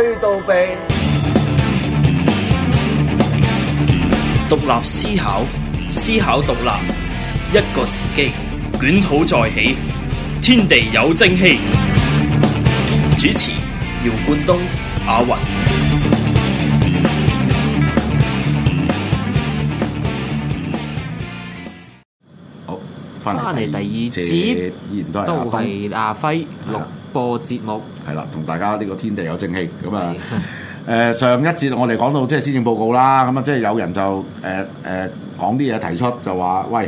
吹到鼻，獨立思考，思考獨立，一個時機，捲土再起，天地有正氣。主持：姚冠東、阿云。好，翻嚟第二節都係阿輝。都播節目係啦，同大家呢、這個天地有正氣咁啊、呃！上一節我哋講到即係施政報告啦，咁啊即係有人就誒誒講啲嘢提出就話，喂誒、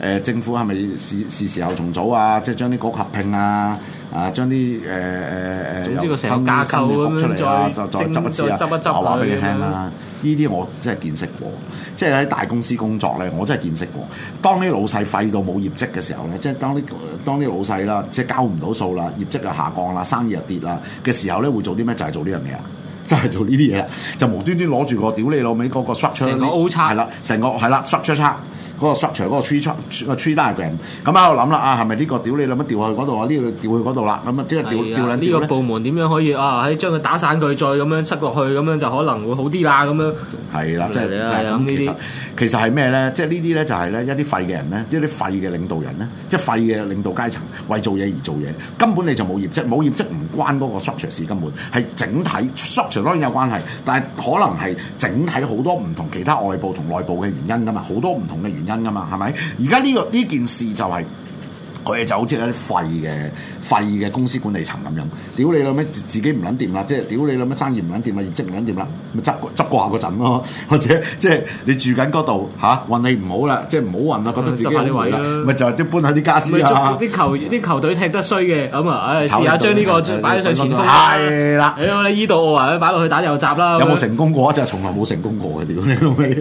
呃、政府係咪是是，是，是時候重組啊？即係將啲局合併啊！啊！將啲誒誒誒，總、呃、之個成架獸咁出嚟、啊，就執一執啊！一啊一啊話話俾你聽啦、啊，呢啲我真係見識過，即係喺大公司工作咧，我真係見識過。當啲老細廢到冇業績嘅時候咧，即係當啲當啲老細啦，即係交唔到數啦，業績又下降啦，生意又跌啦嘅時候咧，會做啲咩？就係、是、做呢樣嘢，就係、是、做呢啲嘢，就無端端攞住個屌你老味嗰個甩槍，成個好差，啦，成個啦，嗰個 structure 嗰個 tree diagram，咁喺度諗啦啊，係咪呢個屌你諗掉去嗰度啊？呢度掉去嗰度啦，咁啊即係掉掉撚呢個部門點樣可以啊？喺將佢打散佢，再咁樣塞落去，咁樣就可能會好啲啦。咁樣係啦，即係其實係咩咧？即係呢啲咧就係咧一啲廢嘅人咧，一啲廢嘅領導人咧，即係廢嘅領導階層為做嘢而做嘢，根本你就冇業績，冇業績唔關嗰個 structure 事，根本係整體 structure 當然有關係，但係可能係整體好多唔同其他外部同內部嘅原因㗎嘛，好多唔同嘅原因。因噶嘛，係咪？而家呢個呢件事就係、是？就好似嗰啲廢嘅廢嘅公司管理層咁樣，屌你老咩，自己唔撚掂啦，即係屌你老咩，生意唔撚掂啦，業績唔撚掂啦，咪執執慣嗰陣咯，或者即係、就是、你住緊嗰度嚇運氣唔好啦，即係唔好運啦，覺得執埋啲位啦，咪就係即搬下啲家私，啊，啲球啲球隊踢得衰嘅咁啊，唉，試下將呢個擺上前排，係啦，你呢度啊，擺落去打右閘啦，有冇成功過啊？就係從來冇成功過嘅屌你老味，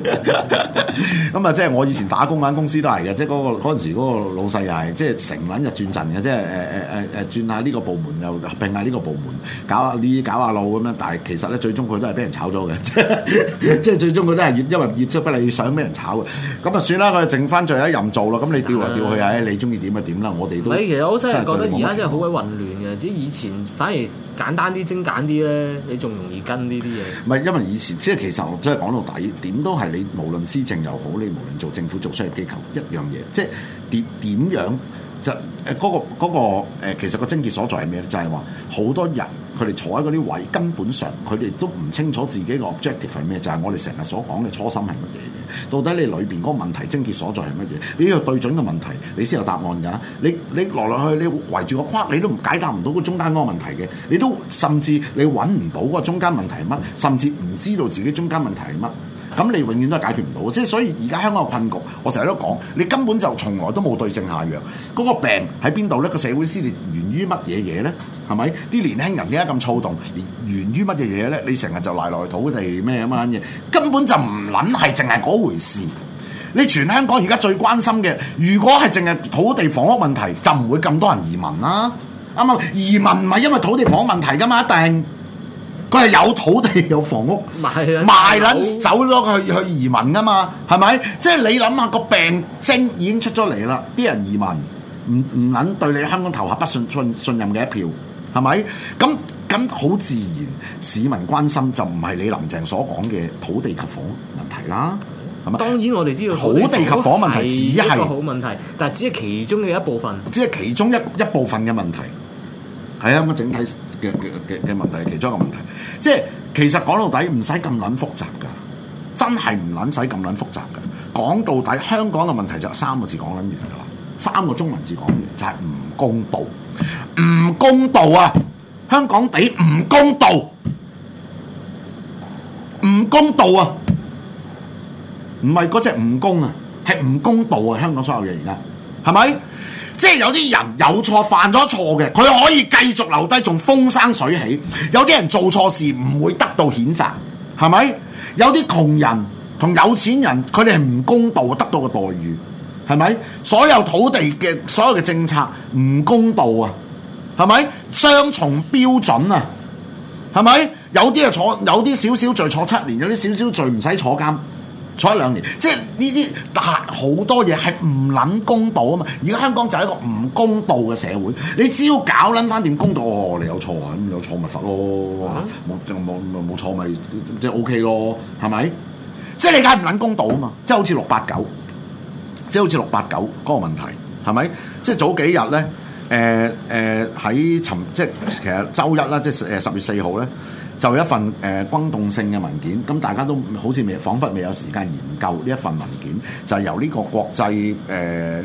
咁啊，即係我以前打工間公司都係嘅，即係嗰、那個嗰陣時嗰個老細又係即係成。唔撚日轉陣嘅，即係誒誒誒誒轉下呢個部門又並下呢個部門搞下呢啲搞下路咁樣，但係其實咧最終佢都係俾人炒咗嘅，呵呵 即係最終佢都係因為業績不理想俾人炒嘅，咁啊算啦，佢剩翻最後一任做咯。咁你調嚟調去，誒你中意點就點啦。我哋都，你其實好真人覺得而家真係好鬼混亂嘅，即以前反而簡單啲、精簡啲咧，你仲容易跟呢啲嘢。唔係因為以前即係其實我真係講到底，點都係你，你無論施政又好，你無論做政府做商業機構一樣嘢，即係點點樣。就誒嗰、呃那個嗰、那個呃、其實個症結所在係咩咧？就係話好多人佢哋坐喺嗰啲位，根本上佢哋都唔清楚自己個 objective 係咩，就係、是、我哋成日所講嘅初心係乜嘢嘢。到底你裏邊嗰個問題症結所在係乜嘢？你要對準個問題，你先有答案㗎。你你來來去去圍住個框，你都唔解答唔到個中間嗰個問題嘅，你都甚至你揾唔到嗰個中間問題係乜，甚至唔知道自己中間問題係乜。咁你永遠都解決唔到，即係所以而家香港嘅困局，我成日都講，你根本就從來都冇對症下藥。嗰個病喺邊度呢？個社會撕裂源於乜嘢嘢呢？係咪？啲年輕人而家咁躁動，源於乜嘢嘢呢？你成日就賴落去土地咩咁樣嘢，根本就唔撚係淨係嗰回事。你全香港而家最關心嘅，如果係淨係土地房屋問題，就唔會咁多人移民啦、啊。啱唔啱？移民唔係因為土地房屋問題噶嘛，一定。佢係有土地有房屋賣，賣撚走咗佢去，去移民啊嘛，係咪？即係你諗下個病徵已經出咗嚟啦，啲人移民唔唔撚對你香港投下不信信信任嘅一票，係咪？咁咁好自然，市民關心就唔係你林鄭所講嘅土地及房屋問題啦。係咪？當然我哋知道土地，土地及房問題係一個好問題，但係只係其中嘅一部分，只係其中一一部分嘅問題。係啊，我整體。嘅嘅嘅嘅問題係其中一個問題，即係其實講到底唔使咁撚複雜噶，真係唔撚使咁撚複雜噶。講到底香港嘅問題就係三個字講撚完㗎啦，三個中文字講完就係唔公道，唔公道啊！香港地唔公道，唔公道啊！唔係嗰隻蜈蚣啊，係唔公道啊！香港所有嘢而家係咪？即係有啲人有錯犯咗錯嘅，佢可以繼續留低，仲風生水起；有啲人做錯事唔會得到譴責，係咪？有啲窮人同有錢人，佢哋係唔公道嘅得到嘅待遇，係咪？所有土地嘅所有嘅政策唔公道啊，係咪？雙重標準啊，係咪？有啲就坐，有啲少少罪坐七年，有啲少少罪唔使坐監。坐一兩年，即係呢啲大好多嘢係唔撚公道啊嘛！而家香港就係一個唔公道嘅社會。你只要搞撚翻點公道，哦，你有錯啊，咁有錯咪罰咯，冇冇冇冇錯咪即係 OK 咯，係咪？即係你梗係唔撚公道啊嘛！即係好似六八九，即係好似六八九嗰個問題，係咪？即係早幾日咧，誒誒喺尋即係其實周一啦，即係誒十月四號咧。就一份誒轟動性嘅文件，咁大家都好似未，仿佛未有時間研究呢一份文件，就係由呢個國際誒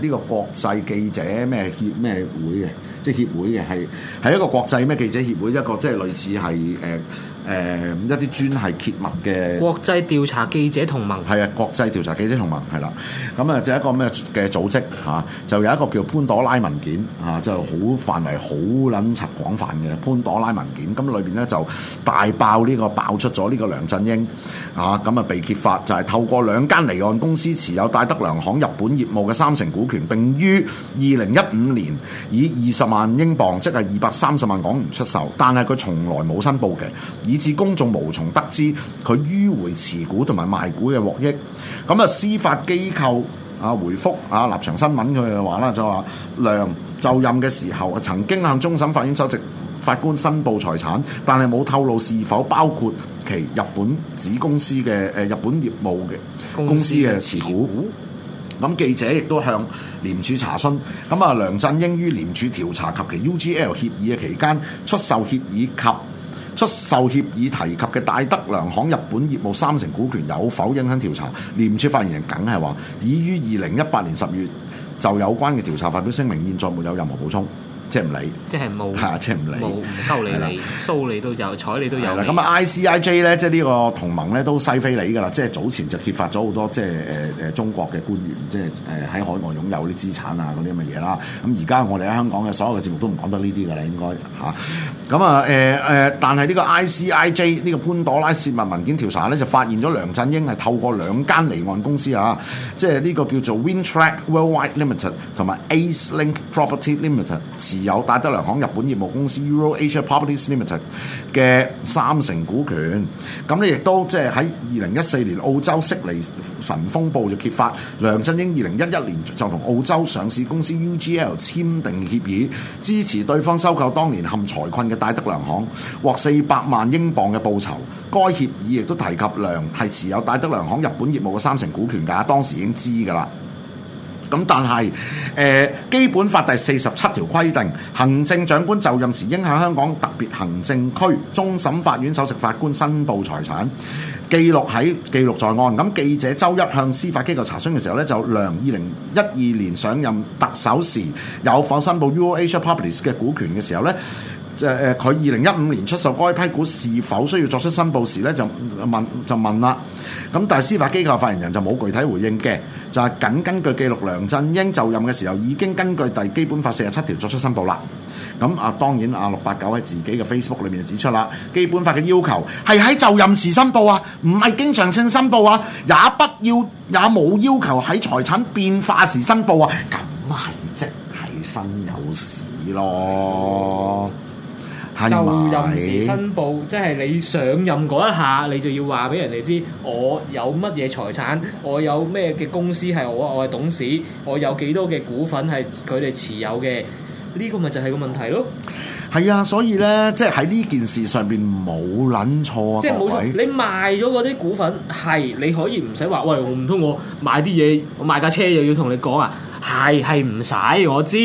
呢個國際記者咩協咩會嘅，即協會嘅係係一個國際咩記者協會，一個即係類似係誒。呃誒、嗯、一啲專係揭密嘅國際調查記者同盟係啊，國際調查記者同盟係啦，咁啊就一個咩嘅組織、啊、就有一個叫潘朵拉文件嚇，就好範圍好撚闌廣泛嘅潘朵拉文件。咁、啊、裏面咧就大爆呢、呢個爆出咗呢個梁振英啊，咁啊被揭發就係、係、透過兩間離岸公司持有戴德梁行日本業務嘅三成股權，並於二零一五年以二十萬英鎊即係二百三十萬港元出售，但係佢從來冇申報嘅以致公眾無從得知佢迂回持股同埋賣股嘅獲益。咁啊，司法機構啊回覆啊立場新聞佢嘅話啦，就話梁就任嘅時候曾經向終審法院首席法官申報財產，但係冇透露是否包括其日本子公司嘅誒日本業務嘅公司嘅持股。咁記者亦都向廉署查詢。咁啊，梁振英於廉署調查及其 UGL 協議嘅期間出售協議及出售協議提及嘅大德良行日本業務三成股權有否影響調查？廉署發言人梗係話，已於二零一八年十月就有關嘅調查發表聲明，現在沒有任何補充。即唔理，即係冇，係即係唔理，冇，唔鳩你，你 騷你都有，睬你都有。咁啊，ICIJ 咧， 即係呢個同盟咧，都西非你噶啦。即係早前就揭發咗好多，即係誒誒中國嘅官員，即係誒喺海外擁有啲資產啊，啲咁嘅嘢啦。咁而家我哋喺香港嘅所有嘅節目都唔講得呢啲噶啦，應該吓咁啊誒誒、啊呃呃。但係呢個 ICIJ 呢個潘朵拉泄密文件調查咧，就發現咗梁振英係透過兩間離岸公司啊，即係呢個叫做 Wintrack Worldwide Limited 同埋 Ace Link Property Limited 有戴德梁行日本業務公司 EuroAsia Properties Limited 嘅三成股權，咁咧亦都即係喺二零一四年澳洲悉尼晨鋒報就揭發梁振英二零一一年就同澳洲上市公司 UGL 簽訂協議，支持對方收購當年陷財困嘅戴德梁行，獲四百萬英鎊嘅報酬。該協議亦都提及梁係持有戴德梁行日本業務嘅三成股權㗎，當時已經知㗎啦。咁但係、呃、《基本法》第四十七條規定，行政長官就任時應向香港特別行政區終審法院首席法官申報財產，記錄喺記錄在案。咁記者周一向司法機構查詢嘅時候咧，就梁二零一二年上任特首時有否申報 Uo Asia Publics 嘅股權嘅時候咧，呃，佢二零一五年出售該批股是否需要作出申報時咧，就問就問啦。咁但係司法機構發言人，人就冇具體回應嘅。就係、是、僅根據記錄，梁振英就任嘅時候已經根據第基本法四十七條作出申報啦。咁啊，當然啊，六八九喺自己嘅 Facebook 裏面就指出啦，基本法嘅要求係喺就任時申報啊，唔係經常性申報啊，也不要也冇要求喺財產變化時申報啊，咁係即係生有事咯。是是就任時申報，即係你上任嗰一下，你就要話俾人哋知，我有乜嘢財產，我有咩嘅公司係我，我係董事，我有幾多嘅股份係佢哋持有嘅，呢個咪就係個問題咯。係啊，所以咧，即係喺呢件事上邊冇捻錯啊，即係冇錯。你賣咗嗰啲股份係，你可以唔使話，喂，唔通我買啲嘢，我買架車又要同你講啊？係係唔使，我知，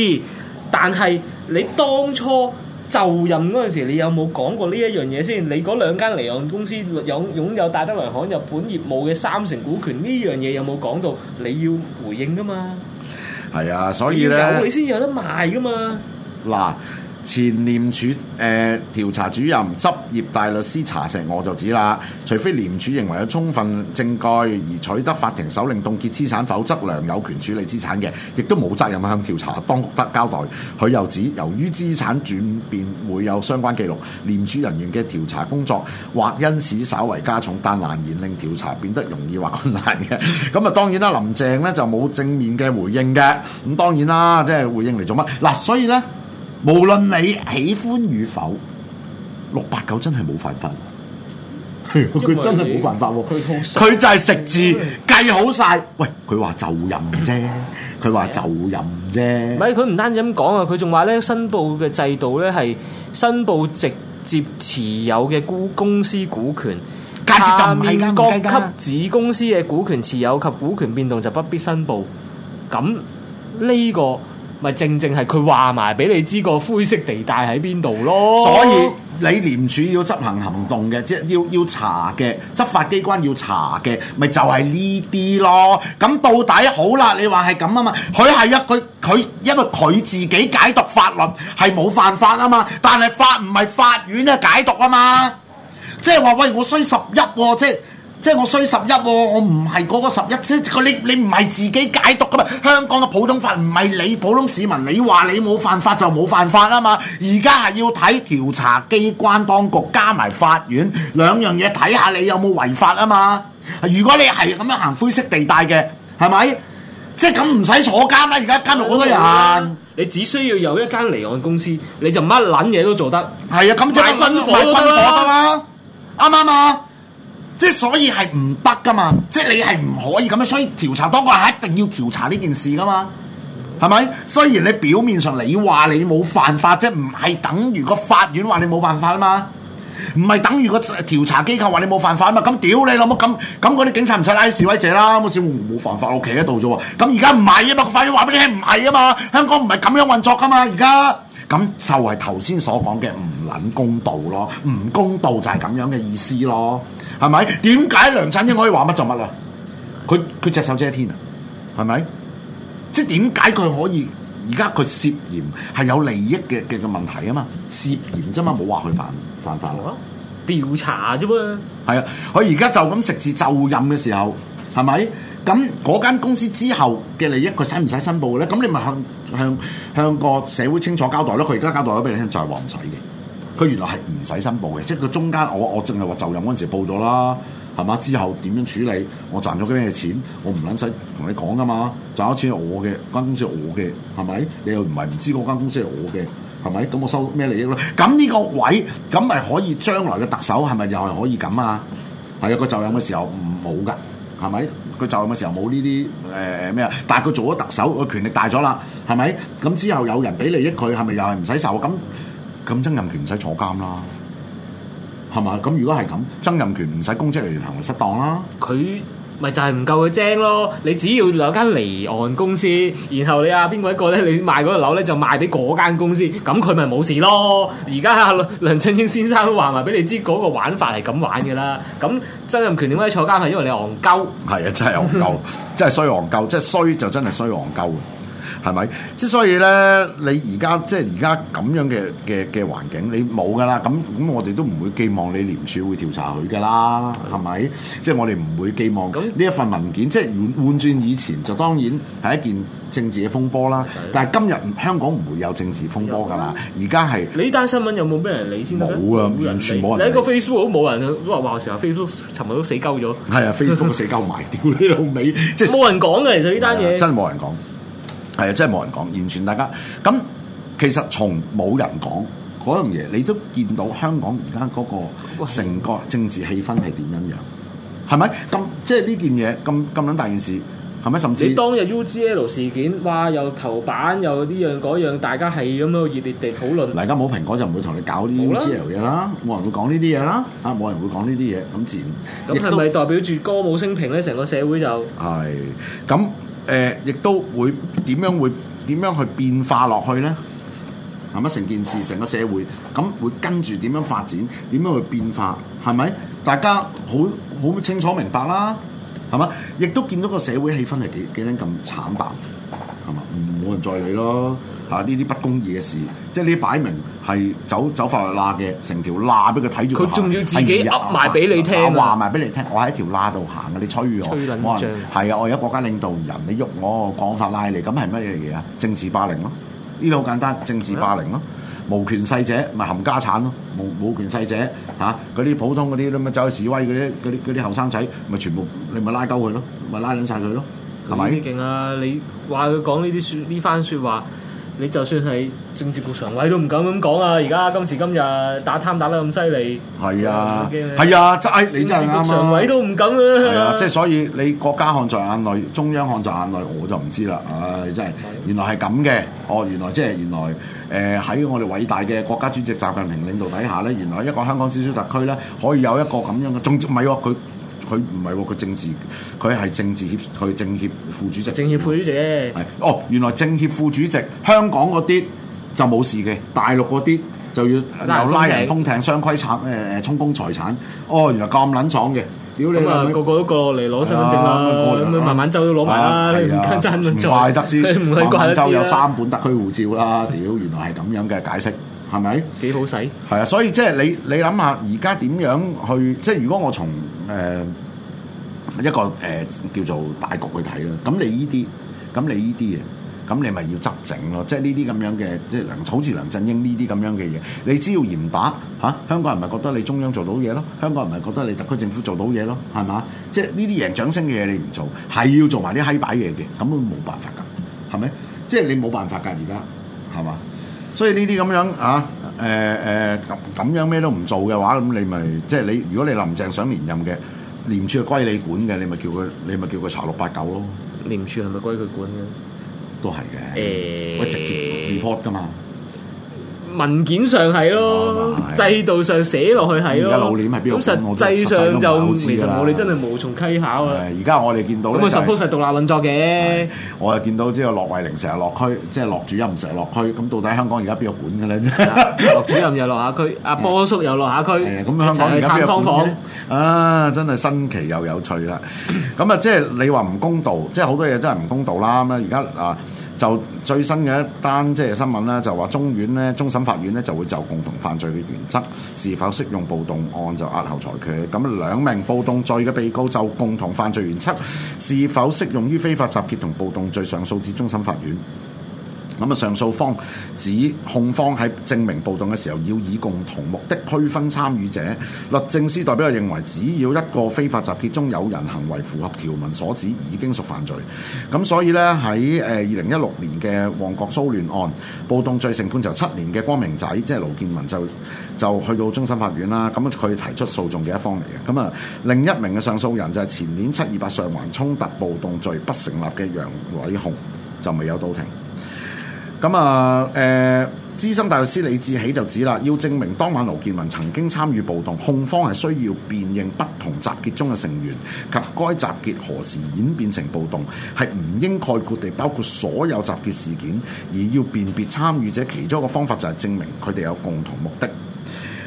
但係你當初。就任嗰陣時，你有冇講過呢一樣嘢先？你嗰兩間離岸公司擁有大德銀行日本業務嘅三成股權呢樣嘢有冇講到？你要回應噶嘛？係啊，所以咧，你有你先有得賣噶嘛？嗱。前廉署誒、呃、調查主任執業大律師查錫我，我就指啦，除非廉署認為有充分證據而取得法庭手令凍結資產，否則梁有權處理資產嘅，亦都冇責任向調查當局得交代。佢又指，由於資產轉變會有相關記錄，廉署人員嘅調查工作或因此稍為加重，但難言令調查變得容易或困難嘅。咁啊，當然啦，林鄭咧就冇正面嘅回應嘅。咁當然啦，即、就、係、是、回應嚟做乜？嗱，所以咧。無論你喜歡與否，六八九真係冇犯法。佢、哎、真係冇犯法，佢佢就係食字計好晒。喂，佢話就任啫，佢 話就任啫。唔係佢唔單止咁講啊，佢仲話咧，申報嘅制度咧係申報直接持有嘅公司股權，下面各級子公司嘅股權持有及股權變動就不必申報。咁呢、這個。咪正正係佢話埋俾你知個灰色地帶喺邊度咯，所以你廉署要執行行動嘅，即係要要查嘅，執法機關要查嘅，咪就係呢啲咯。咁到底好啦，你話係咁啊嘛？佢係啊，佢佢因為佢自己解讀法律係冇犯法啊嘛，但係法唔係法院啊解讀啊嘛，即係話喂，我衰十一即。就是。即係我衰十一，我唔係嗰個十一。即你你唔係自己解讀噶嘛？香港嘅普通法唔係你普通市民，你話你冇犯法就冇犯法啊嘛？而家係要睇調查機關、當局加埋法院兩樣嘢睇下你有冇違法啊嘛？如果你係咁樣行灰色地帶嘅，係咪？即係咁唔使坐監啦！而家監獄好多人，你只需要有一間離岸公司，你就乜撚嘢都做得。係啊，咁即係買軍火得啦，啱啱啊？即所以係唔得噶嘛，即你係唔可以咁樣，所以調查當局係一定要調查呢件事噶嘛，係咪？雖然你表面上你話你冇犯法，即唔係等於個法院話你冇犯法啊嘛，唔係等於個調查機構話你冇犯法啊嘛，咁屌你老母咁咁嗰啲警察唔使拉示威者啦，好似冇犯法，我企喺度啫喎，咁而家唔係啊嘛，個法院話俾你聽唔係啊嘛，香港唔係咁樣運作噶嘛，而家。咁就係頭先所講嘅唔撚公道咯，唔公道就係咁樣嘅意思咯，係咪？點解梁振英可以話乜就乜啊？佢佢隻手遮天啊，係咪？即點解佢可以而家佢涉嫌係有利益嘅嘅問題啊嘛？涉嫌啫嘛，冇話佢犯犯犯法、啊、調查啫喎，係啊！佢而家就咁食字就任嘅時候，係咪？咁嗰間公司之後嘅利益，佢使唔使申報咧？咁你咪向向向個社會清楚交代咯。佢而家交代咗俾你聽，就係話唔使嘅。佢原來係唔使申報嘅，即係佢中間，我我淨係話就任嗰陣時報咗啦，係嘛？之後點樣處理？我賺咗幾咩嘅錢？我唔撚使同你講噶嘛。賺咗錢係我嘅，間公司係我嘅，係咪？你又唔係唔知嗰間公司係我嘅，係咪？咁我收咩利益咧？咁呢個位咁咪可以將來嘅特首係咪又係可以咁啊？係啊，佢就任嘅時候唔冇噶。係咪？佢就任嘅時候冇呢啲誒咩啊？但係佢做咗特首，個權力大咗啦，係咪？咁之後有人俾利益佢，係咪又係唔使受？咁咁曾蔭權唔使坐監啦，係嘛？咁如果係咁，曾蔭權唔使公職人員行為失當啦，佢。咪就係唔夠佢精咯！你只要兩間離岸公司，然後你啊邊個一個咧，你賣嗰個樓咧就賣俾嗰間公司，咁佢咪冇事咯。而家梁梁振英先生都話埋俾你知嗰、嗰個玩法係咁玩嘅啦。咁曾蔭權點解坐監係因為你戇鳩？係 啊，真係戇鳩，真係衰戇鳩，即係衰就真係衰戇鳩。係咪，就是。之所以咧，你而家即係而家咁樣嘅嘅嘅環境，你冇噶啦。咁咁，我哋都唔會寄望你廉署會調查佢噶啦。係咪？即係，就是、我哋唔會寄望呢一份文件。即係換換轉以前，就當然係一件政治嘅風波啦。但係今日香港唔會有政治風波噶啦。而家係你呢單新聞有冇咩人理先？冇啊，完全冇人理。你喺個 Facebook 都冇人。話話，時候 Facebook 尋日都死鳩咗。係啊 ，Facebook 死鳩埋屌你。度尾，即係冇人講嘅。其實呢單嘢真係冇人講。係啊，真係冇人講，完全大家咁。其實從冇人講嗰樣嘢，你都見到香港而家嗰個成個政治氣氛係點樣樣？係咪咁？即係呢件嘢咁咁撚大件事係咪？甚至你當日 U G L 事件話又頭版又呢樣嗰樣，大家係咁樣熱烈地討論。嗱，而家冇蘋果就唔會同你搞啲 U G L 嘢啦，冇人會講呢啲嘢啦。啊，冇人會講呢啲嘢，咁自然，咁係咪代表住歌舞升平咧？成個社會就係咁。是誒，亦都會點樣會點樣去變化落去呢？係咪成件事成個社會咁會跟住點樣發展？點樣去變化？係咪大家好好清楚明白啦？係嘛？亦都見到個社會氣氛係幾幾撚咁慘白。冇人再理咯，嚇呢啲不公義嘅事，即係你啲擺明係走走法律罅嘅，成條罅俾佢睇住佢仲要自己噏埋俾你聽、啊，話埋俾你聽，我喺條罅度行嘅，你吹我，我話係啊，我而家國家領導人，你喐我講法拉你，咁係乜嘢嘢啊？政治霸凌咯，呢啲好簡單，政治霸凌咯、啊，無權勢者咪冚家產咯，冇冇權勢者嚇嗰啲普通嗰啲咁走去示威嗰啲啲啲後生仔，咪全部你咪拉鳩佢咯，咪拉緊晒佢咯。咁勁啊！係咪你話佢講呢啲説呢番説話，你就算係政治局常委都唔敢咁講啊！而家今時今日打貪打得咁犀利，係啊，係啊，真係你真係政治局常委都唔敢啊！係啊，即係、啊啊、所以，你國家看在眼內，中央看在眼內，我就唔知啦。唉、哎，真係原來係咁嘅。哦，原來即係原來誒喺、呃、我哋偉大嘅國家主席習近平領導底下咧，原來一個香港小小特區咧，可以有一個咁樣嘅總，植米喎佢。佢唔係喎，佢政治佢係政治協佢政協副主席。政協副主席係哦，原來政協副主席香港嗰啲就冇事嘅，大陸嗰啲就要又拉人封艇、相規產誒誒充公財產。哦，原來咁撚爽嘅，屌、啊、你！咁啊，個個都過嚟攞身份證啦，慢慢就都攞埋啦，唔唔怪得知唔怪得之，有三本特區護照啦，屌， 原來係咁樣嘅解釋。係咪？幾好使？係啊，所以即係你你諗下，而家點樣去？即係如果我從誒、呃、一個誒、呃、叫做大局去睇咧，咁你呢啲，咁你呢啲嘢，咁你咪要執整咯。即係呢啲咁樣嘅，即係梁好似梁振英呢啲咁樣嘅嘢，你只要嚴打吓、啊，香港人咪覺得你中央做到嘢咯？香港人咪覺得你特區政府做到嘢咯？係嘛？即係呢啲贏掌聲嘅嘢你唔做，係要做埋啲閪擺嘢嘅，咁冇辦法噶，係咪？即係你冇辦法噶，而家係嘛？所以呢啲咁樣啊，誒誒咁咁樣咩都唔做嘅話，咁你咪即係你，如果你林鄭想連任嘅，廉署係歸你管嘅，你咪叫佢，你咪叫佢查六八九咯。廉署係咪歸佢管嘅？都係嘅，佢、欸、直接 report 噶嘛。文件上係咯，oh, right. 制度上寫落去係咯。而家老廉係邊個管？實際上就實其實我哋真係無從稽考啊！而家我哋見到咁 suppose 係、就係、獨立運作嘅。我又見到即係駱惠寧成日落區，即係駱主任唔成日落區。咁到底香港而家邊度管㗎咧？駱 主任又落下區，阿、 啊、波叔又落下區。咁 香港而家邊個？ 啊，真係新奇又有趣啦！咁 啊，即係你話唔公道，即係好多嘢真係唔公道啦。咁啊，而家啊就。最新嘅一單即係新聞啦，就話中院咧，終審法院咧就會就共同犯罪嘅原則是否適用暴動案就押後裁決。咁兩名暴動罪嘅被告就共同犯罪原則是否適用於非法集結同暴動罪上訴至終審法院。咁啊，上訴方指，控方喺，證明暴動嘅時候要以共同目的區分參與者。律政司代表就認為只要一個非法集結中有人行為符合條文所指，已經屬犯罪。咁所以咧，喺誒二零一六年嘅旺角騷亂案，暴動罪成判囚七年嘅光明仔，即係盧建文就就去到終審法院啦，咁佢提出訴訟嘅一方嚟嘅。咁啊，另一名嘅上訴人就係前年七二八上環衝突暴動罪不成立嘅楊偉雄，就未有到庭。咁啊，誒、欸、資深大律師李志喜就指啦，要證明當晚盧建民曾經參與暴動，控方係需要辨認不同集結中嘅成員及該集結何時演變成暴動，係唔應概括地包括所有集結事件，而要辨別參與者，其中一個方法就係證明佢哋有共同目的。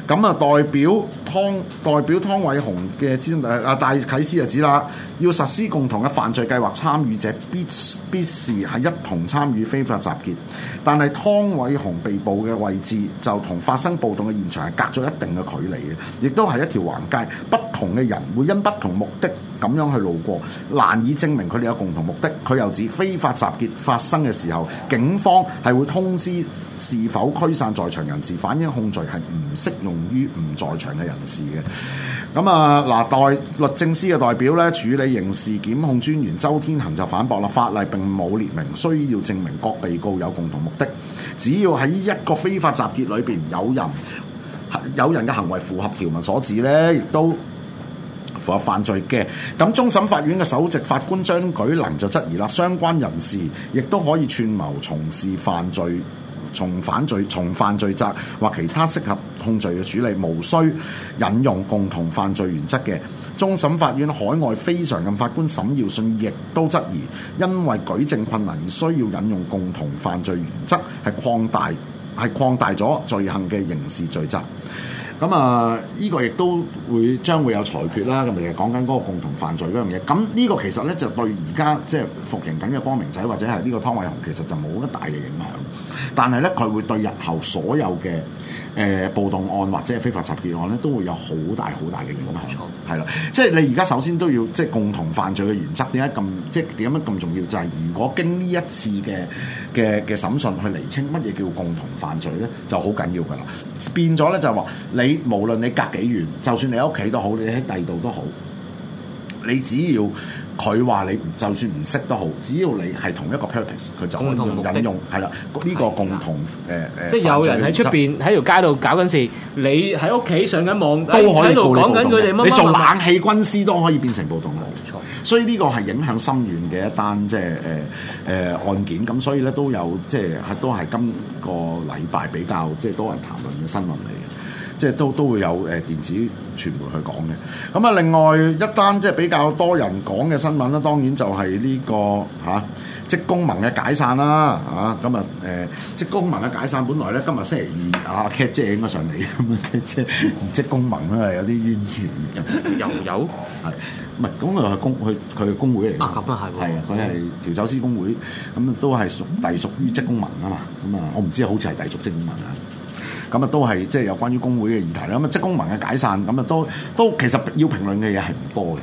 咁啊，代表湯，代表湯偉雄嘅誒啊，戴啟思就指啦，要實施共同嘅犯罪計劃，參與者必必是係一同參與非法集結。但係湯偉雄被捕嘅位置就同發生暴動嘅現場係隔咗一定嘅距離嘅，亦都係一條橫街，不同嘅人會因不同目的，咁樣去路過，難以證明佢哋有共同目的。佢又指非法集結發生嘅時候，警方係會通知是否驅散在場人士，反映控罪係唔適用於唔在場嘅人士嘅。咁啊，嗱，代律政司嘅代表呢，處理刑事檢控專員周天行就反駁啦。法例並冇列明需要證明各被告有共同目的，只要喺一個非法集結裏面有人有人嘅行為符合條文所指呢，亦都。符合犯罪嘅，咁終審法院嘅首席法官張舉能就質疑啦，相關人士亦都可以串謀從事犯罪，從犯罪，從犯罪責或其他適合控罪嘅處理，無需引用共同犯罪原則嘅。終審法院海外非常任法官岑耀信亦都質疑，因為舉證困難而需要引用共同犯罪原則，係擴大係擴大咗罪行嘅刑事罪責。咁啊，呢個亦都會將會有裁決啦，咁咪講緊嗰個共同犯罪嗰樣嘢。咁、這、呢個其實咧就對而家即係服刑緊嘅光明仔或者係呢個湯偉雄其實就冇乜大嘅影響，但係咧佢會對日後所有嘅。誒、呃、暴動案或者係非法集結案咧，都會有好大好大嘅影響。係啦，即係你而家首先都要即係共同犯罪嘅原則點解咁，即係點解咁重要？就係、是、如果經呢一次嘅嘅嘅審訊去釐清乜嘢叫共同犯罪咧，就好緊要㗎啦。變咗咧就係話，你無論你隔幾遠，就算你喺屋企都好，你喺第二度都好，你只要。佢話你就算唔識都好，只要你係同一個 purpose，佢就引用引用係啦。呢、呢個共同誒、啊啊、即係有人喺出邊，喺條街度搞緊事，嗯、你喺屋企上緊網，都喺度講緊佢哋乜，做冷氣軍師都可以變成暴動。冇錯，所以呢個係影響深遠嘅一單即係誒案件。咁所以咧都有即係、係、都係今個禮拜比較即係多人談論嘅新聞嚟。即係都都會有誒電子傳媒去講嘅，咁啊另外一單即係比較多人講嘅新聞咧，當然就係呢個嚇職工盟嘅解散啦嚇。咁啊誒職工盟嘅解散，本來咧今日星期二啊，K 姐應該上嚟咁啊，即係職工盟咧係有啲冤屈又有係唔係？咁啊係工佢佢係工會嚟㗎，啊咁啊係係啊，佢係調酒師工會，咁都係屬隸屬於職工盟啊嘛，咁啊我唔知好似係隸屬於職工盟啊。咁啊，都係即係有關於工會嘅議題啦。咁啊，即工盟嘅解散，咁啊都都其實要評論嘅嘢係唔多嘅。誒、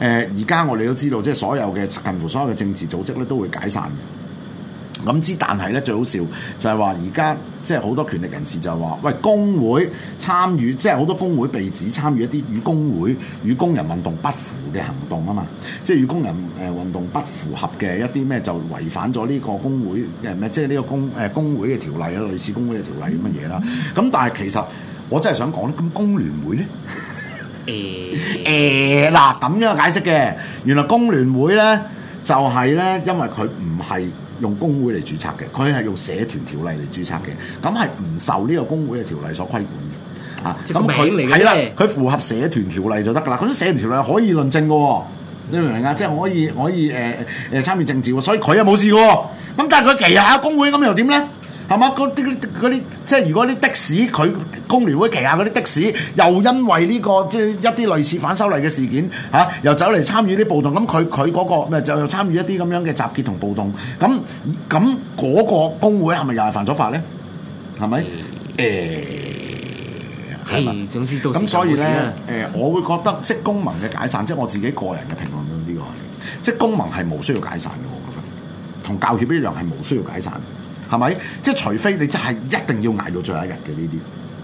呃，而家我哋都知道，即係所有嘅近乎所有嘅政治組織咧，都會解散嘅。咁知，但係咧最好笑就係話而家即係好多權力人士就話喂，工會參與，即係好多工會被指參與一啲與工會與工人運動不符嘅行動啊嘛，即係與工人誒運、呃、動不符合嘅一啲咩就違反咗呢個工會嘅咩，即係呢個工誒、呃、工會嘅條例啊，類似工會嘅條例咁乜嘢啦。咁但係其實我真係想講，咁工聯會咧誒誒嗱咁樣解釋嘅，原來工聯會咧就係、是、咧因為佢唔係。用工會嚟注冊嘅，佢係用社團條例嚟注冊嘅，咁係唔受呢個工會嘅條例所規管嘅，嗯，啊，咁佢係啦，佢符合社團條例就得噶啦，咁社團條例可以論政噶，你明唔明啊？即係可以可以誒誒參與政治，所以佢又冇事喎。咁但係佢旗下工會咁又點咧？係嘛？嗰啲啲即係如果啲的士佢工聯會旗下嗰啲的士又因為呢、呢個即係一啲類似反修例嘅事件嚇、啊，又走嚟參與啲暴動，咁佢佢嗰個咩就又參與一啲咁樣嘅集結同暴動，咁咁嗰個工會係咪又係犯咗法咧？係咪？誒係嘛？總之到咁所以咧誒、啊欸，我會覺得即職工盟嘅解散，即係我自己個人嘅評論啦、這個。呢個即係工盟係冇需要解散嘅，我覺得同教協一樣係冇需要解散。係咪？即係除非你真係一定要捱到最後一日嘅呢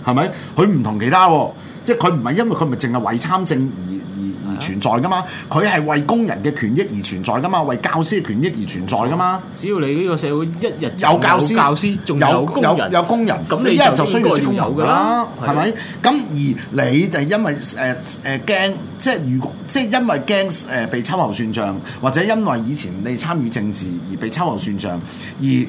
啲，係咪？佢唔同其他喎、哦，即係佢唔係因為佢咪淨係為參政而而而存在㗎嘛？佢係為工人嘅權益而存在㗎嘛？為教師嘅權益而存在㗎嘛？只要你呢個社會一日有教師，教師仲有有有工人，咁你，你一日就需要佔有㗎啦，係咪？咁而你就因為誒誒驚，即係如果即係因為驚誒被秋後算賬，或者因為以前你參與政治而被秋後算賬而。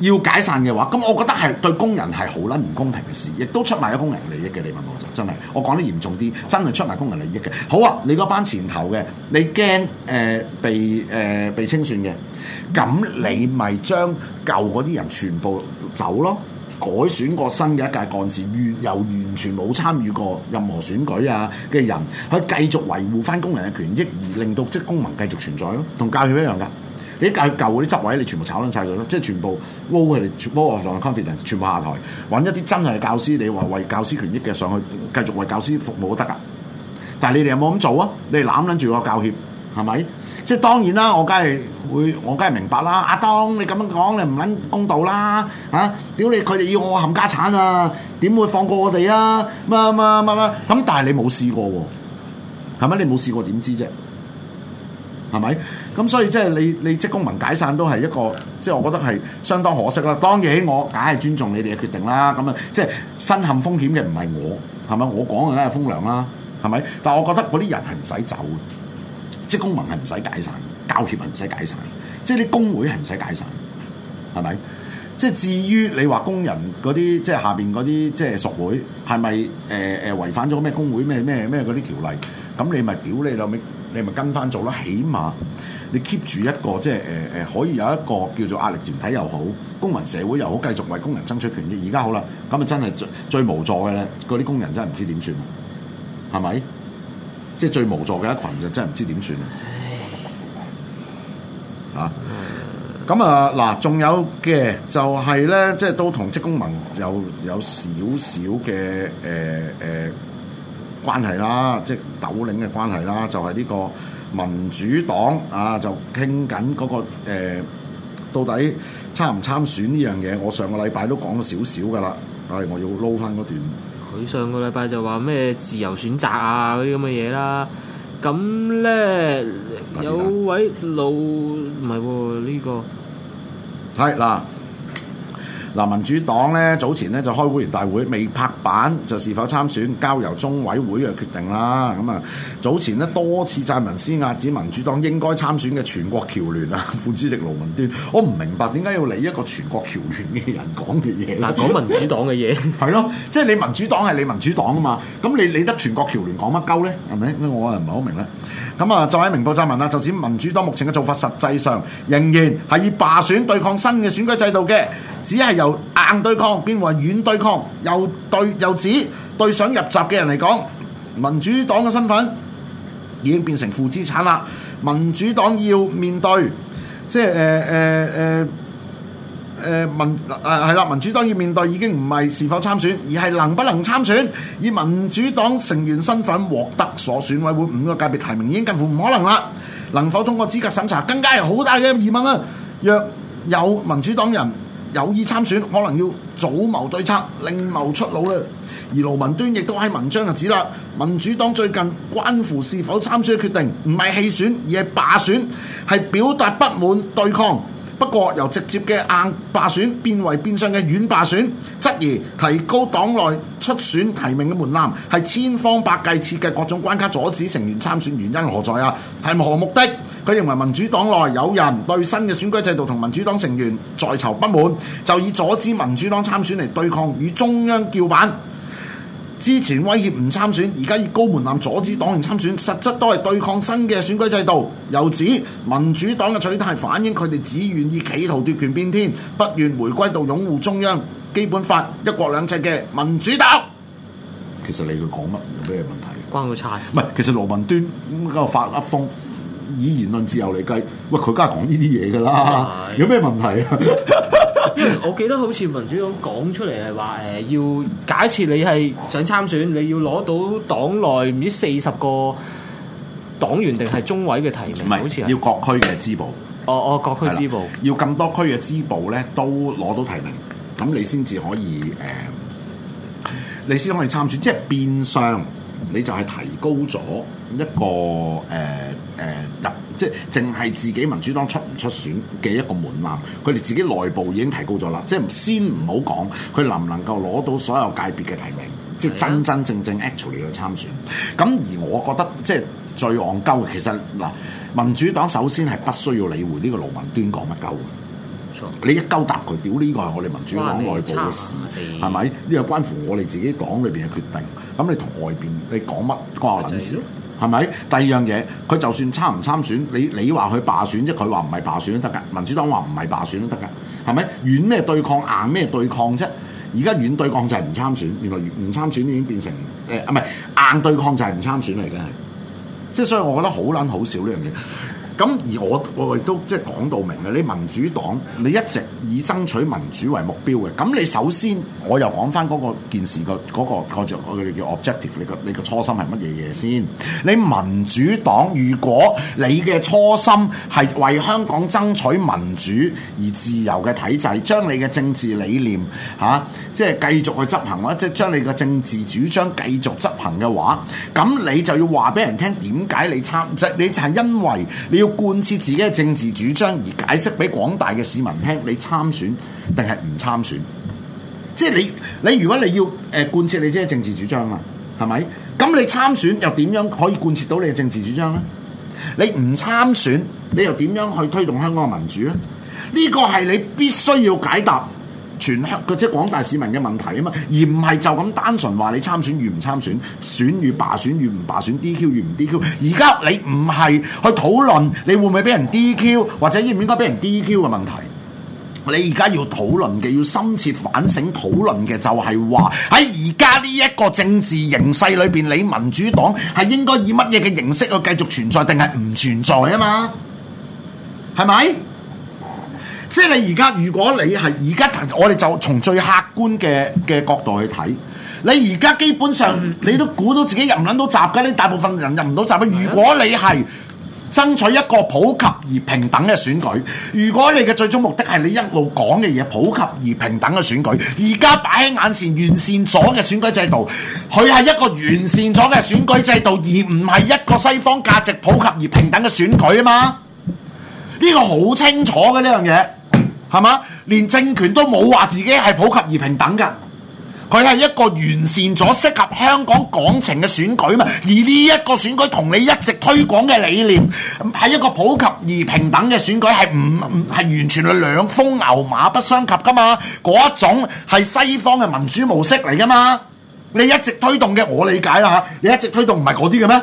要解散嘅話，咁我覺得係對工人係好捻唔公平嘅事，亦都出賣咗工人利益嘅。你問我就真係，我講得嚴重啲，真係出賣工人利益嘅。好啊，你嗰班前頭嘅，你驚誒、呃、被誒、呃、被清算嘅，咁你咪將舊嗰啲人全部走咯，改選過新嘅一屆幹事，完由完全冇參與過任何選舉啊嘅人去繼續維護翻工人嘅權益，而令到職工盟繼續存在咯，同教協一樣㗎。你教舊啲執位，你全部炒撚晒佢咯，即係全部僕佢哋，僕我上 confidence，全部下台，揾一啲真係教師，你話為教師權益嘅上去繼續為教師服務都得噶。但係你哋有冇咁做啊？你哋攬撚住個教協係咪？即係當然啦，我梗係會，我梗係明白啦。阿當你咁樣講，你唔撚公道啦嚇！屌、啊、你，佢哋要我冚家產啊，點會放過我哋啊？乜乜乜乜，咁但係你冇試過喎，係咪？你冇試過點知啫？係咪？咁所以即係你你職工盟解散都係一個，即係我覺得係相當可惜啦。當，我當然我梗係尊重你哋嘅決定啦。咁啊，即係身陷風險嘅唔係我，係咪？我講嘅梗係風涼啦，係咪？但係我覺得嗰啲人係唔使走嘅，職工盟係唔使解散，教協係唔使解散，即係啲工會係唔使解散，係咪？即係至於你話工人嗰啲，即係下邊嗰啲，即係屬會係咪？誒誒、呃、違反咗咩工會咩咩咩嗰啲條例？咁你咪屌你兩尾。你咪跟翻做啦，起碼你 keep 住一個即係誒誒，可以有一個叫做壓力團體又好，公民社會又好，繼續為工人爭取權益。而家好啦，咁啊真係最最無助嘅嗰啲工人真係唔知點算啦，係咪？即係最無助嘅一羣就真係唔知點算啦。嚇、啊！咁啊嗱，仲有嘅就係咧，即係都同職工盟有有少少嘅誒誒。呃呃關係啦，即係斗零嘅關係啦，就係、是、呢個民主黨啊，就傾緊嗰個、呃、到底參唔參選呢樣嘢？我上個禮拜都講咗少少㗎啦，係我要撈翻嗰段。佢上個禮拜就話咩自由選擇啊嗰啲咁嘅嘢啦，咁咧有位老唔係喎，呢個係嗱。嗱，民主黨咧早前咧就開會員大會，未拍板就是否參選，交由中委會嘅決定啦。咁啊，早前咧多次撰文施壓指民主黨應該參選嘅全國僑聯啊，副主席盧文端，我唔明白點解要理一個全國僑聯嘅人講嘅嘢，嗱，講民主黨嘅嘢， 係咯，即係你民主黨係你民主黨啊嘛，咁你理得全國僑聯講乜鳩咧，係咪？我啊唔係好明咧。咁啊，就喺明報撰文啦，就指民主黨目前嘅做法，實際上仍然係以罷選對抗新嘅選舉制度嘅，只係由硬對抗變為軟對抗，又對又指對想入閘嘅人嚟講，民主黨嘅身份已經變成負資產啦。民主黨要面對，即係誒誒誒。呃呃呃誒民啊係啦，民主黨要面對已經唔係是否參選，而係能不能參選。以民主黨成員身份獲得所選委會五個界別提名已經近乎唔可能啦。能否通過資格審查，更加有好大嘅疑問啦。若有民主黨人有意參選，可能要早謀對策，另謀出路啦。而盧文端亦都喺文章就指啦，民主黨最近關乎是否參選嘅決定，唔係棄選，而係罷選，係表達不滿對抗。不過由直接嘅硬霸選變為變相嘅軟霸選，質疑提高黨內出選提名嘅門檻係千方百計設計各種關卡阻止成員參選，原因何在啊？係何目的？佢認為民主黨內有人對新嘅選舉制度同民主黨成員在囚不滿，就以阻止民主黨參選嚟對抗與中央叫板。之前威脅唔參選，而家以高門檻阻止黨員參選，實質都係對抗新嘅選舉制度。又指民主黨嘅取態反映佢哋只願意企圖奪權變天，不願回歸到擁護中央基本法一國兩制嘅民主黨。其實你佢講乜有咩問題的？關佢差事？唔係，其實羅文端咁咁發噏風。以言論自由嚟計，喂，佢梗係講呢啲嘢噶啦，有咩問題啊？因 為我記得好似民主黨講出嚟係話誒，要假設你係想參選，你要攞到黨內唔知四十個黨員定係中委嘅提名，唔係好似要各區嘅支部。哦哦，各區支部要咁多區嘅支部咧，都攞到提名，咁你先至可以誒、呃，你先可以參選，即係變相。你就係提高咗一個入、呃呃，即係淨係自己民主黨出唔出選嘅一個門檻，佢哋自己內部已經提高咗啦。即係先唔好講佢能唔能夠攞到所有界別嘅提名，即係真真正正 actual l y 去參選。咁而我覺得即係最戇鳩嘅，其實嗱，民主黨首先係不需要理會呢個盧民端講乜鳩嘅。你一勾答佢，屌呢個係我哋民主黨內部嘅事，係咪？呢、呢個關乎我哋自己嘅黨裏邊嘅決定。咁你同外邊你講乜關我撚事？係咪？第二樣嘢，佢就算參唔參選，你你話佢罷選啫，佢話唔係罷選都得㗎。民主黨話唔係罷選都得㗎，係咪？軟咩對抗，硬咩對抗啫？而家軟對抗就係唔參選，原來唔參選已經變成誒啊、呃，唔係硬對抗就係唔參選啦，已經係。即係所以，我覺得好撚好少呢樣嘢。咁而我我亦都即係講到明嘅，你民主黨你一直以爭取民主為目標嘅，咁你首先我又講翻嗰個件事，嗰個嗰，嗰個我叫我哋叫 objective，你個你個初心係乜嘢嘢先？你民主黨如果你嘅初心係為香港爭取民主而自由嘅體制，將你嘅政治理念吓、啊、即係繼續去執行啦，即係將你嘅政治主張繼續執行嘅話，咁你就要話俾人聽點解你參即、就係、你就係因為你要。貫徹自己嘅政治主張，而解釋俾廣大嘅市民聽，你參選定係唔參選？即係你，你如果你要誒貫徹你自己政治主張啊，係咪？咁你參選又點樣可以貫徹到你嘅政治主張呢？你唔參選，你又點樣去推動香港嘅民主呢？呢、呢個係你必須要解答。全香港即係廣大市民嘅問題啊嘛，而唔係就咁單純話你參選與唔參選，選與罷選與唔罷選，DQ 與唔 DQ，而家你唔係去討論你會唔會俾人 DQ 或者應唔應該俾人 DQ 嘅問題，你而家要討論嘅、要深切反省討論嘅就係話喺而家呢一個政治形勢裏邊，你民主黨係應該以乜嘢嘅形式去繼續存在定係唔存在啊嘛？係咪？即係你而家，如果你係而家，我哋就從最客觀嘅嘅角度去睇，你而家基本上你都估到自己入唔撚到閘嘅，大部分人入唔到閘，如果你係爭取一個普及而平等嘅選舉，如果你嘅最終目的係你一路講嘅嘢普及而平等嘅選舉，而家擺喺眼前完善咗嘅選舉制度，佢係一個完善咗嘅選舉制度，而唔係一個西方價值普及而平等嘅選舉啊嘛！呢個好清楚嘅呢樣嘢。這個係嘛？連政權都冇話自己係普及而平等噶佢係一個完善咗適合香港港情嘅選舉嘛。而呢一個選舉同你一直推廣嘅理念，係一個普及而平等嘅選舉係唔係完全係兩風牛馬不相及噶嘛？嗰一種係西方嘅民主模式嚟噶嘛你？你一直推動嘅，我理解啦吓，你一直推動唔係嗰啲嘅咩？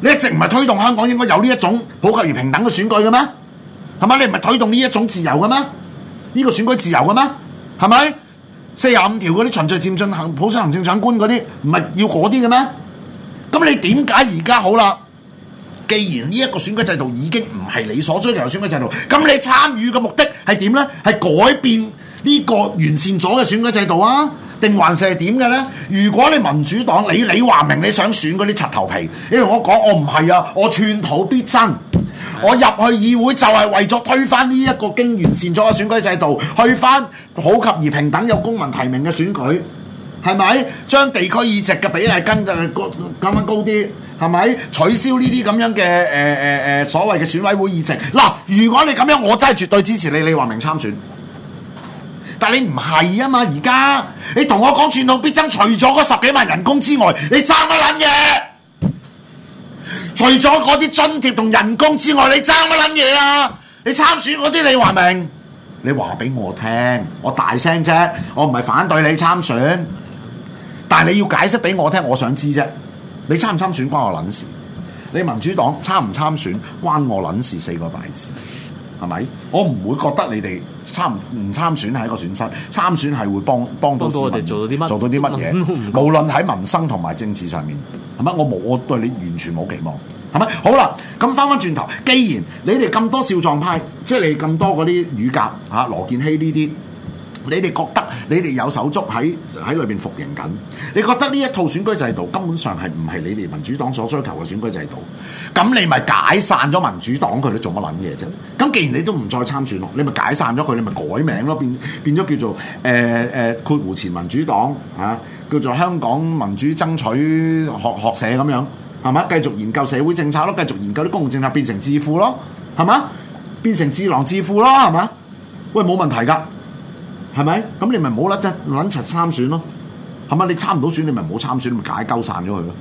你一直唔係推動香港應該有呢一種普及而平等嘅選舉嘅咩？係咪？你唔係推動呢一種自由嘅咩？呢個選舉自由嘅咩？係咪？四十五條嗰啲循序漸進行、普選行政長官嗰啲，唔係要嗰啲嘅咩？咁你點解而家好啦？既然呢一個選舉制度已經唔係你所追求嘅選舉制度，咁你參與嘅目的係點咧？係改變呢個完善咗嘅選舉制度啊？定還是係點嘅咧？如果你民主黨你你話明你想選嗰啲柒頭皮，你同我講我唔係啊，我寸土必爭。我入去議會就係為咗推翻呢一個經完善咗嘅選舉制度，去翻普及而平等有公民提名嘅選舉，係咪？將地區議席嘅比例跟就係咁樣高啲，係咪？取消呢啲咁樣嘅、誒、誒、誒、所謂嘅選委會議席。嗱，如果你咁樣，我真係絕對支持你李華明參選。但你唔係啊嘛，而家你同我講傳統必爭，除咗嗰十幾萬人工之外，你爭乜撚嘢？除咗嗰啲津貼同人工之外，你爭乜撚嘢啊？你參選嗰啲你話明？你話俾我聽，我大聲啫。我唔係反對你參選，但係你要解釋俾我聽，我想知啫。你參唔參選關我撚事？你民主黨參唔參選關我撚事，四個大字。係咪？我唔會覺得你哋參唔參選係一個損失，參選係會幫幫到市民做到啲乜，做到啲乜嘢？ 無論喺民生同埋政治上面，係咪？我冇，我對你完全冇期望，係咪？好啦，咁翻翻轉頭，既然你哋咁多少壯派，即係你咁多嗰啲乳鴿啊，羅健熙呢啲。你哋覺得你哋有手足喺喺裏邊服刑緊，你覺得呢一套選舉制度根本上係唔係你哋民主黨所追求嘅選舉制度？咁你咪解散咗民、呃呃、民主黨，佢哋做乜撚嘢啫？咁既然你都唔再參選咯，你咪解散咗佢，你咪改名咯，變變咗叫做誒誒括弧前民主黨嚇，叫做香港民主爭取學學社咁樣，係嘛？繼續研究社會政策咯，繼續研究啲公共政策變成智庫咯，係嘛？變成智囊智庫咯，係嘛？喂，冇問題㗎。係咪？咁你咪冇啦，即係揾柒參選咯，係咪？你參唔到選，你咪唔好參選，咪解鳩散咗佢咯，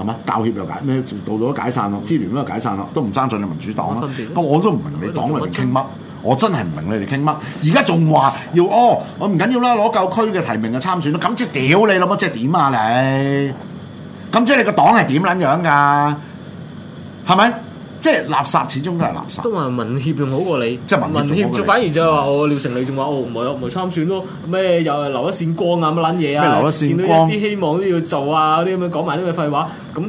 係咪？教協又解咩？到咗解散咯，支聯都解散咯，都唔爭進你民主黨咯。不過我都唔明你黨裏邊傾乜，我真係唔明你哋傾乜。而家仲話要哦，我唔緊要啦，攞夠區嘅提名就參選咯。咁即係屌你老母，即係點啊你？咁即係你個黨係點撚樣㗎？係咪？即係垃圾，始終都係垃圾。都話民協仲好過你，即係民民協，民協就反而就話我廖成利仲話哦，唔係唔係參選咯，咩又係留一線光啊，乜撚嘢啊留一線光，見到有啲希望都要做啊，啲咁樣講埋呢個廢話，咁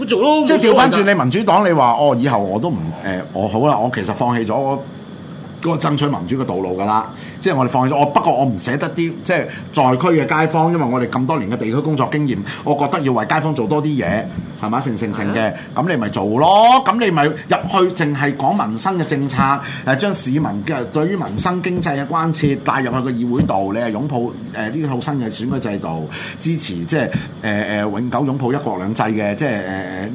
誒咁做咯。即係調翻轉你民主黨你，你話哦，以後我都唔、呃、我好啦，我其實放棄咗我嗰個爭取民主嘅道路噶啦。即係我哋放棄咗，我不過我唔捨得啲，即係在區嘅街坊，因為我哋咁多年嘅地區工作經驗，我覺得要為街坊做多啲嘢。係嘛？成成成嘅，咁、yeah. 你咪做咯，咁你咪入去淨係講民生嘅政策，誒將市民嘅對於民生經濟嘅關切帶入去個議會度，你係擁抱誒呢、呃、套新嘅選舉制度，支持即係誒誒永久擁抱一國兩制嘅，即係誒誒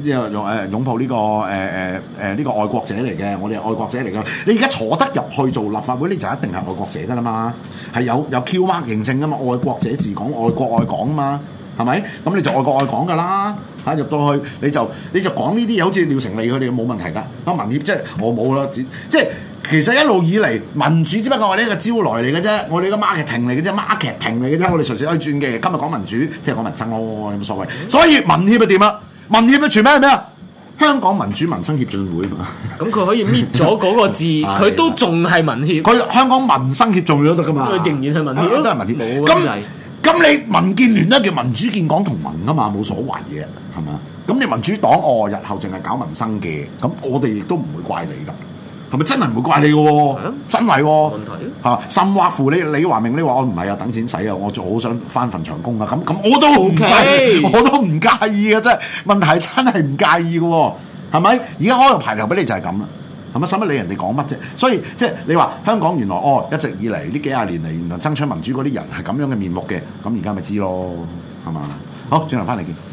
呢個誒擁抱呢、呢個誒誒誒呢個愛國者嚟嘅，我哋係愛國者嚟㗎。你而家坐得入去做立法會，你就一定係愛國者㗎啦嘛，係有有 Q mark 認證㗎嘛，愛國者治港愛國愛港啊嘛。係咪？咁你就愛國愛港噶啦嚇！入到去你就你就講呢啲嘢，好似廖成利佢哋冇問題噶。啊民協即係我冇啦，即係其實一路以嚟民主只不過係一個招來嚟嘅啫。我哋嘅 marketing 嚟嘅啫，marketing 嚟嘅啫。我哋隨時可以轉嘅。今日講民主，聽日講民生咯，有乜所謂？所以民協又點啊？民協全名係咩啊？香港民主民生協進會啊，咁佢可以搣咗嗰個字，佢 都仲係民協。佢香港民生協進會都得噶嘛？佢仍然係民協咯，都係民協。咁咁你民建聯咧叫民主建港同盟啊嘛，冇所謂嘅，係咪？咁你民主黨哦，日後淨係搞民生嘅，咁我哋亦都唔會怪你噶，係咪真係唔會怪你噶？喎、啊，真係、哦，問題吓甚或乎你？你話明你話我唔係啊，等錢使啊，我就好想返份長工啊，咁咁我都唔介意，我都唔介意嘅，真係問題真係唔介意喎，係咪？而家開個排頭俾你就係咁啦。係咪，使乜理人哋講乜啫？所以即係、就是、你話香港原來哦，一直以嚟呢幾廿年嚟，原來爭取民主嗰啲人係咁樣嘅面目嘅，咁而家咪知咯，係嘛？好，轉頭返嚟見。